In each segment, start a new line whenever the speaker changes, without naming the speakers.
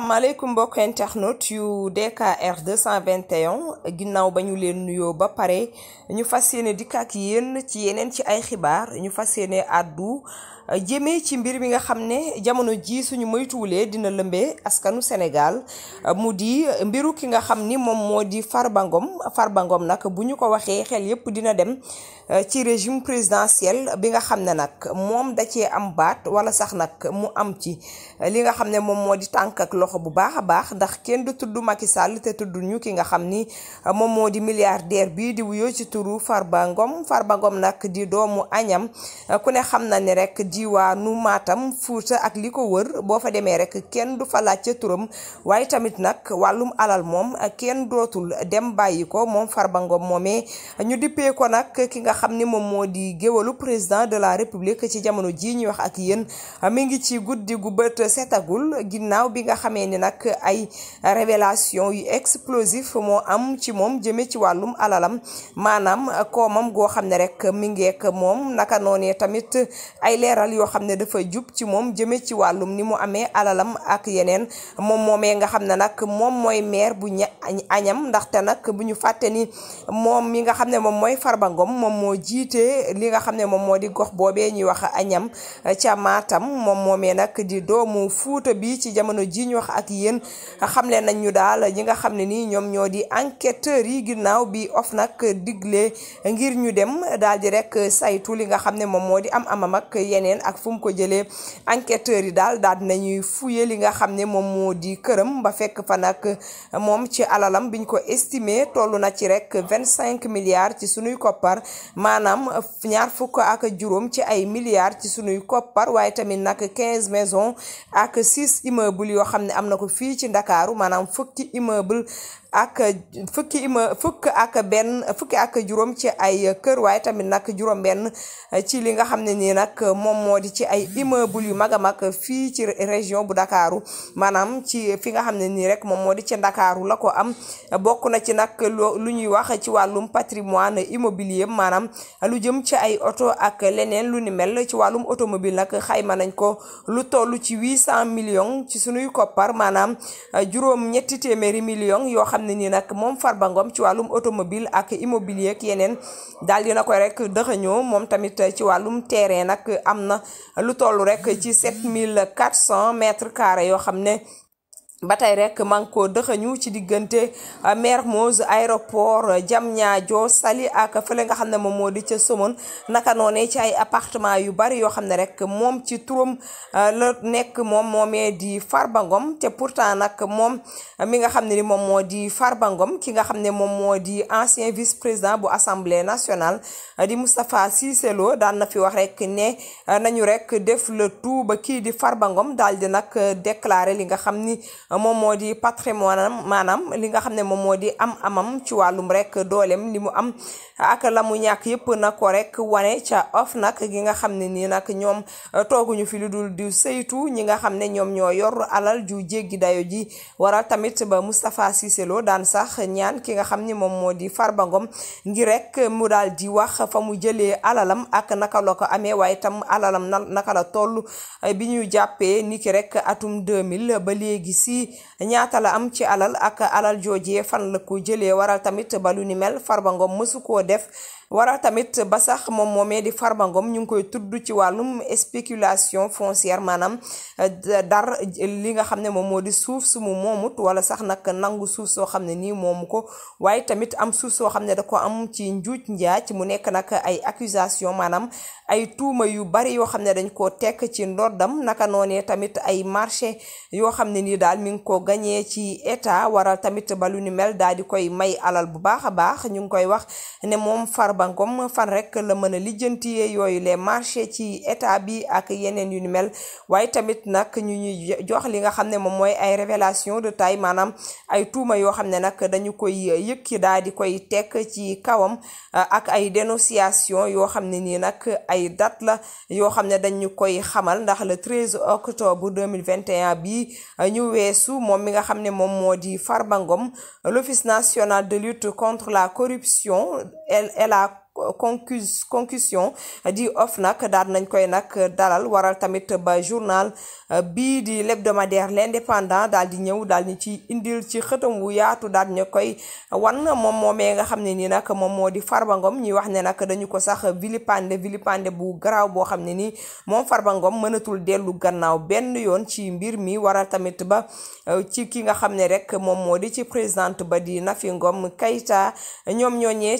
asalaamaaleykum mbokk internet yu DKR 221 ginnaaw ba ñu leen nuyoo ba pare ñu fas yéene dikk ak yéen ci yeneen ci ay xibaar ñu fas yéene àddu jëmee ci mbir mi nga xam ne jamono ji suñu moytuwulee dina lëmbee askanu Sénégal mu di mbiru ki nga xam ni moom moo di Farba Ngom Farba Ngom nag bu ñu ko waxee xel yépp dina dem eh, ci régime présidentiel bi nga xam ne nag moom da cee am baat wala sax nag mu am ci eh, li nga xam ne moom moo di tànk ak loxo loxo bu baax a baax ndax kenn du tudd Macky Sall te tudd ñu ki nga xam ni uh, moom moo di milliardaire bi di wuyoo ci turu Farba Ngom Farba Ngom nag di doomu añam uh, ku ne xam na ni rek diwaanu Matam Fuuta ak li ko wër boo fa demee rek kenn du fa laaj turam waaye tamit nag wàllum alal moom uh, kenn dootul dem bàyyi ko moom Farba Ngom moomee ñu dippee ko nag ki nga xam ni moom moo di géwalu président de la république ci jamono jii ñuy wax ak yéen mi ngi ci guddi gu bët setagul xamee ni nag ay révélation yu explosif moo am ci moom jëme ci wàllum alalam maanaam koomam goo xam ne rek mi ngeek moom naka noonee tamit ay leeral yoo xam ne dafa jub ci moom jëme ci wàllum ni mu amee alalam ak yeneen moom moomee nga xam ne nag moom mooy maire bu ña añam ndaxte nag bu ñu fàtte ni moom mi nga xam ne moom mooy farbangoom moom moo jiitee li nga xam ne moom moo di gox boobee ñuy wax añam ca Matam moom moomee nag di doomu Fuuta bi ci jamono wax ak yéen xam leen nañ ñu daal ñi nga xam ne nii ñoom ñoo di enquêteurs yi ginnaaw bi of nag digle ngir ñu dem daal di rek saytu li nga xam ne moom moo di am amam ak yeneen ak fu mu ko jëlee enquêteurs yi daal daal nañuy fuye li nga xam ne moom moo di këram ba fekk fa nag moom ci alalam biñ ko estimé toll na ci rek vingt cinq milliards ci sunuy koppar maanaam ñaar fukk ak juróom ci ay milliards ci sunuy koppar waaye tamit nag maisons ak six yoo xam am na ko fii ci ndakaaru maanaam fukki immeuble ak fukki ima fukk ak benn fukki ak juróom ci ay kër waaye tamit nag juróom benn ci li nga xam ne nii nag moom moo di ci ay immeuble yu mag a mag fii ci région bu Ndakaaru maanaam ci fi nga xam ne nii rek moom moo di ci Ndakaaru la ko am bokk na ci nag lu ñuy wax ci wàllum patrimoine immobilier maanaam lu jëm ci ay oto ak leneen lu ni mel ci wàllum automobile nag xayma nañ ko lu toll ci 800 million ci sunuy koppar maanaam juróom ñetti téeméeri millions yoo xam ne nii nag moom Farba Ngom ci wàllum automobile ak immobilier ak yeneen daal na koy rek dëxëñoo moom tamit ci wàllum terrain nag am na lu toll rek ci 7400 mètres carrés yoo xam ne ba tey rek maa ngi ko dëxëñu ci diggante euh, Mermoz aéroport euh, Diamniadio sali ak fële nga xam ne moom moo di ca Somone naka noonee ci ay appartement yu bari yoo xam ne rek moom ci turam euh, la nekk moom moomee di Farba te pourtant nag moom mi nga xam ne moom moo di Farba Ngom ki nga xam ne moom moo di ancien vice président bu assemblée nationale di Moustapha Cissé Lo daan na fi wax rek ne nañu rek def le tout ba kii di Farba Ngom daal di nag déclarer li nga xam ni. moom moo di patrimoine maanaam li nga xam ne moom moo di am amam ci wàllum rek dooleem li mu am ak la mu ñàkk yëpp nag ko rek wane ca of nag gi nga xam ne nii nag ñoom uh, tooguñu fi lu dul di saytu ñi nga xam ne ñoom ñoo yor alal ju jéggi dayo ji waral tamit ba Moustapha Cissé Lo daan sax ñaan ki nga xam ni moom moo di Farba Ngom ngir rek mu daal di wax fa mu jëlee alalam ak naka la ko amee waaye itam alalam naka la toll uh, bi ñu jàppee niki rek atum 2000 ba léegi si kii ñaata la am ci alal ak alal joojee fan la ko jëlee waral tamit balu ni mel Farba Ngom mësu koo def waral tamit ba sax moom moomee di Farba Ngom ñu ngi koy tudd ci wàllum espéculation foncière maanaam euh, dar li nga xam ne moom moo di suuf su mu moomut wala sax nag nangu suuf soo xam ne nii moomu ko waaye tamit am suuf soo xam ne da ko am ci njuuj njaaj mu nekk nag ay accusation maanaam ay tuuma yu bari yoo xam ne dañ koo tekk ci ndoddam naka noonee tamit ay marché yoo xam ne nii daal mi ngi ko gañee ci état waral tamit ba lu ni mel daal di koy may alal bu baax a baax ñu ngi koy wax ne moom Farba Farba Ngom fan rek la mën a lijjanti yooyu les marchés ci état bi ak yeneen yu ni mel waaye tamit nag ñu ñuy jox li nga xam ne moom mooy ay révélation de taille maanaam ay tuuma yoo xam ne nag dañu koy yëkki daal di koy tekk ci kawam ak ay dénonciation yoo xam ne nii nag ay date la yoo xam ne dañu koy xamal ndax le 13 octobre 2021 bi ñu weesu moom mi nga xam ne moom moo di far Ngom l'office national de lutte contre la corruption et concus concussion eh, di nag daal nañ koy nag eh, dalal waral tamit ba journal eh, bii di l'hebdomadaire l'indépendant daal di ñëw daal ñu ci indi ci xëtam wu yaatu daal ñu koy wan moom moom moomee nga xam ne nii nag moom moo di Farba Ngom ñuy wax ne nag dañu ko sax vilipande vilipande bu garaaw boo xam ne nii moom Farba Ngom mënatul dellu gannaaw benn yoon ci mbir mi waral tamit ba ci ki nga xam ne rek moom moo di ci présidente ba di Nafi Ngom Keïta ñoom ñooñee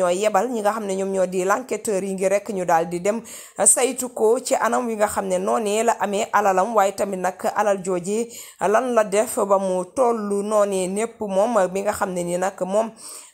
ñoo yebal ñi nga xam ne ñoom ñoo di l'enquêteur yi ngi rek ñu daal di dem saytu ko ci anam wi nga xam ne noonee la amee alalam waaye tamit nag alal jooji lan la def ba mu tollu noonee népp moom bi nga xam ne ni nag moom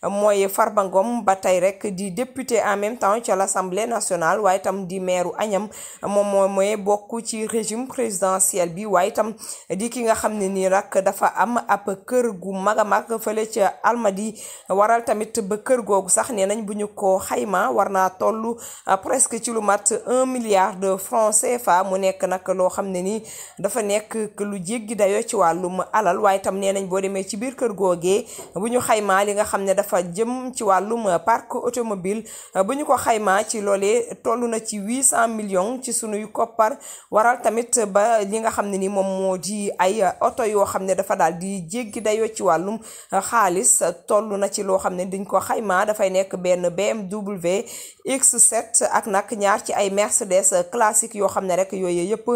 mooy Farba ba tey rek di député en même temps ci l'Assemblée nationale waaye tam di maire Agnam moom moo mooy bokk ci régime présidentiel bi waaye tam di ki nga xam ne nii nag dafa am ab kër gu mag a mag fële ca Almadi waral tamit ba kër googu sax nee nañ bu ñu ko xayma war naa toll euh, presque ci lu mat un milliard de francs CFA mu nekk nag loo xam ne ni dafa nekk lu jéggi dayoo ci wàllum alal waaye tam nee nañ boo demee ci biir kër googee bu ñu xaymaa li nga xam ne dafa jëm ci wàllum parc automobile euh, bu ñu ko xaymaa ci loolee toll na ci huit cent millions ci sunuy koppar waral tamit ba li nga xam ne ni moom moo di ay oto yoo xam ne dafa daal di jéggi dayoo ci wàllum xaalis toll na ci loo xam ne diñ ko xaymaa dafay nekk benn BMW X7 ak nag ñaar ci ay Mercedes classique yoo xam ne rek yooyu yëpp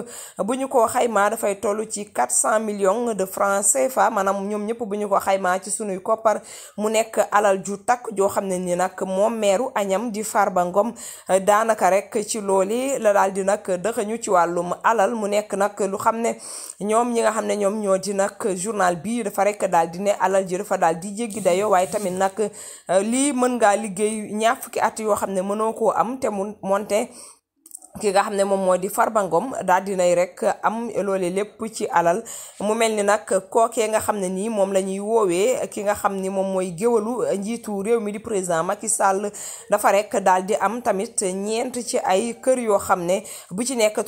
bu ñu ko xaymaa dafay toll ci 400 millions de francs CFA maanaam ñoom ñëpp bu ñu ko xaymaa ci sunuy koppar mu nekk alal ju takk joo xam ne ni nag moom meeru añam di Farba Ngom daanaka rek ci looli la dal di nag dëxëñu ci wàllum alal mu nekk nag lu xam ne ñoom ñi nga xam ne ñoom ñoo di nag journal bii dafa rekk daal di ne alal ji fa dal di jéggi dayo waaye tamit nag eh, lii mën ngaa liggéey ñaar fukki at yoo xam ne mën mënoo koo am te mu monte ki nga xam ne moom moo di Farba Ngom daal dinay rek am loole lépp ci alal mu mel ni nag kookee nga xam ne nii moom la ñuy woowee ki nga xam ni moom mooy géwalu njiitu réew mi di président Macky Sall dafa rek daal di am tamit ñeent ci ay kër yoo xam ne bu ci nekk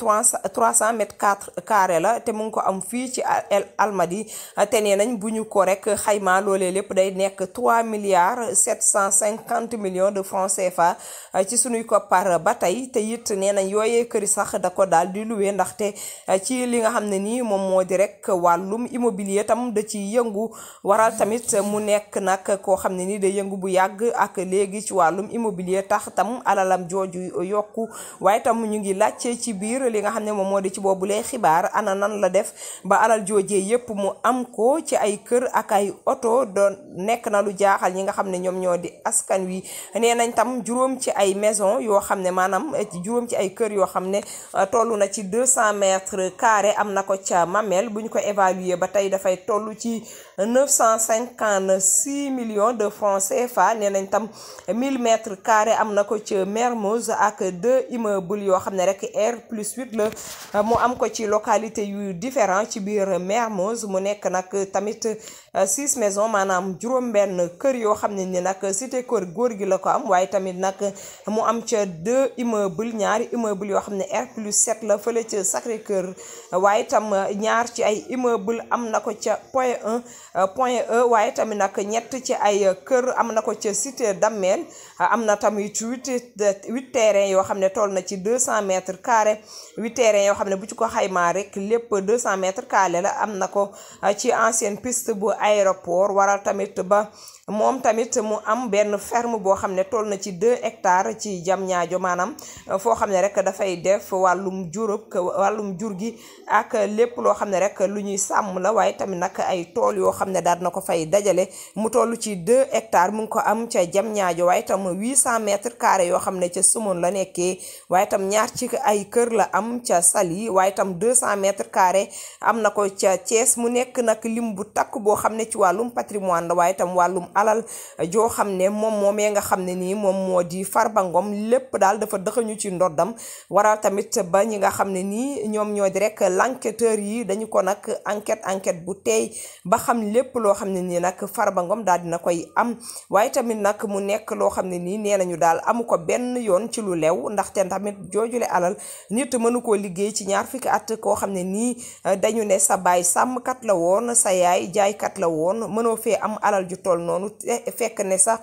trois cent mètres quatre carré la te mu ngi ko am fii ci El Almadi te nee nañ bu ñu ko rek xayma loole lépp day nekk trois milliards sept cent cinquante millions de francs fa ci sunuy koppar ba tey te it nee yooyee këri sax da ko daal di luwee ndaxte eh, ci li nga xam ne nii moom moo di rek wàllum immobilier tam da ci yëngu waral tamit mu nekk nag koo xam ne nii day yëngu bu yàgg ak léegi ci wàllum immobilier tax tam alalam jooju yokk waaye tam ñu ngi laajte ci biir li nga xam ne moom moo di ci boobu boobulee xibaar ana nan la def ba alal joojee yépp mu am ko ci ay kër ak ay oto doon nekk na lu jaaxal ñi nga xam ne ñoom ñoo di askan wi nee nañ tam juróom ci ay maison yoo xam ne maanaam eh, juróom ci ay kër yoo xam ne euh, toll na ci 200 mètres carrés am na ko ca Mamel bu ñu ko évaluer ba tey dafay tollu ci 956 millions de francs CFA nee nañ tam 1000 mètres carrés am na ko ca Mermoz ak deux immeubles yoo xam ne rek R plus 8 la euh, mu am ko ci localité yu différent ci biir Mermoz mu nekk nag tamit euh, six maisons maanaam juróom-benn kër yoo xam ne ni nag cité kër góor gi la ko am waaye tamit nag mu am ca deux ñaari immeubles. immeuble yoo xam ne R plus 7 la fële ca Sacré Cœur waaye tam ñaar ci ay immeuble am na ko ca point 1 point E waaye tamit nag ñett ci ay kër am na ko ca cité Damel am na tamit huit huit terrain yoo xam ne toll na ci 200 mètres carrés huit terrain yoo xam ne bu ci ko xaymaa rek lépp 200 mètres carrés la am na ko ci ancienne piste bu aéroport waral tamit ba. moom tamit mu am benn ferme boo xam ne toll na ci deux hectares ci jam ñaajo maanaam foo xam ne rek dafay def wàllum jurub wàllum jur gi ak lépp loo xam ne rek lu ñuy sàmm la waaye tamit nag ay tool yoo xam ne daal na ko fay dajale mu toll ci deux hectares mu ngi ko am ca jam ñaajo waaye tam huit cent mètres carrés yoo xam ne ca sumoon la nekkee waaye tam ñaar ci ay kër la am ca Saly waaye tam deux cent mètres carrés am na ko ca cees mu nekk nag lim bu takk boo xam ne ci wàllum patrimoine la waaye tam wàllum alal joo xam ne moom moomee nga xam ne nii moom moo di Farba Ngom lépp daal dafa dëxañu ci ndoddam waral tamit ba ñi nga xam ne nii ñoom ñoo di rek l'enquêteur yi dañu ko nag enquête enquête bu tey ba xam lépp loo xam ne nii nag Farba Ngom daal dina koy am waaye tamit nag mu nekk loo xam ne nii nee nañu daal amu ko benn yoon ci lu lew ndaxte tamit joojule alal nit mënu koo liggéey ci ñaar fukki at koo xam ne nii dañu ne sa baay sàmmkat la woon sa yaay jaaykat la woon mënoo fee am alal ju toll noonu noonu fekk ne sax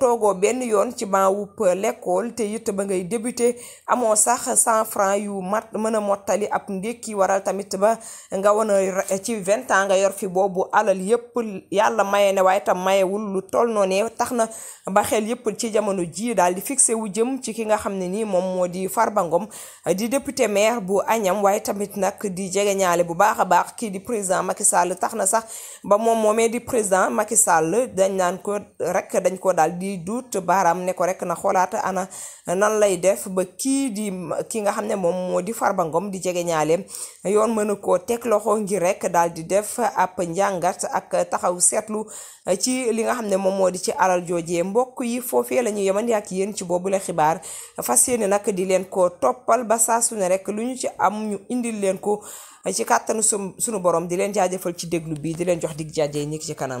toogoo benn yoon ci ban wupp lekkool te it ba ngay débuté amoo sax cent franc yu mat mën a mottali ab ndékki waral tamit ba nga wana ci vingt ans nga yor fi boobu alal yëpp yàlla maye ne waaye tam mayewul lu toll noonee tax na ba xel yëpp ci jamono ji daal di fixé wu jëm ci ki nga xam ne nii moom moo di Farba Ngom di député maire bu añam waaye tamit nag di jege ñaale bu baax a baax kii di président Macky Sall tax na sax ba moom moomee naan ko rek dañ ko daal di duut baaraam ne ko rek na xoolaat ana nan lay def ba kii di kii nga xam ne moom moo di far Ngom di jege ñaale yoon mën koo teg loxo ngir rek daal di def ab njàngat ak taxaw seetlu ci li nga xam ne moom moo di ci alal joojee mbokk yi foofee la ñu yemandi ak yéen ci boobu la xibaar fas yéene nag di leen ko toppal ba saa su ne rek lu ñu ci am ñu indil leen ko ci kàttanu sunu borom di leen jaajëfal ci déglu bi di leen jox dig jaajee ñi ci kanam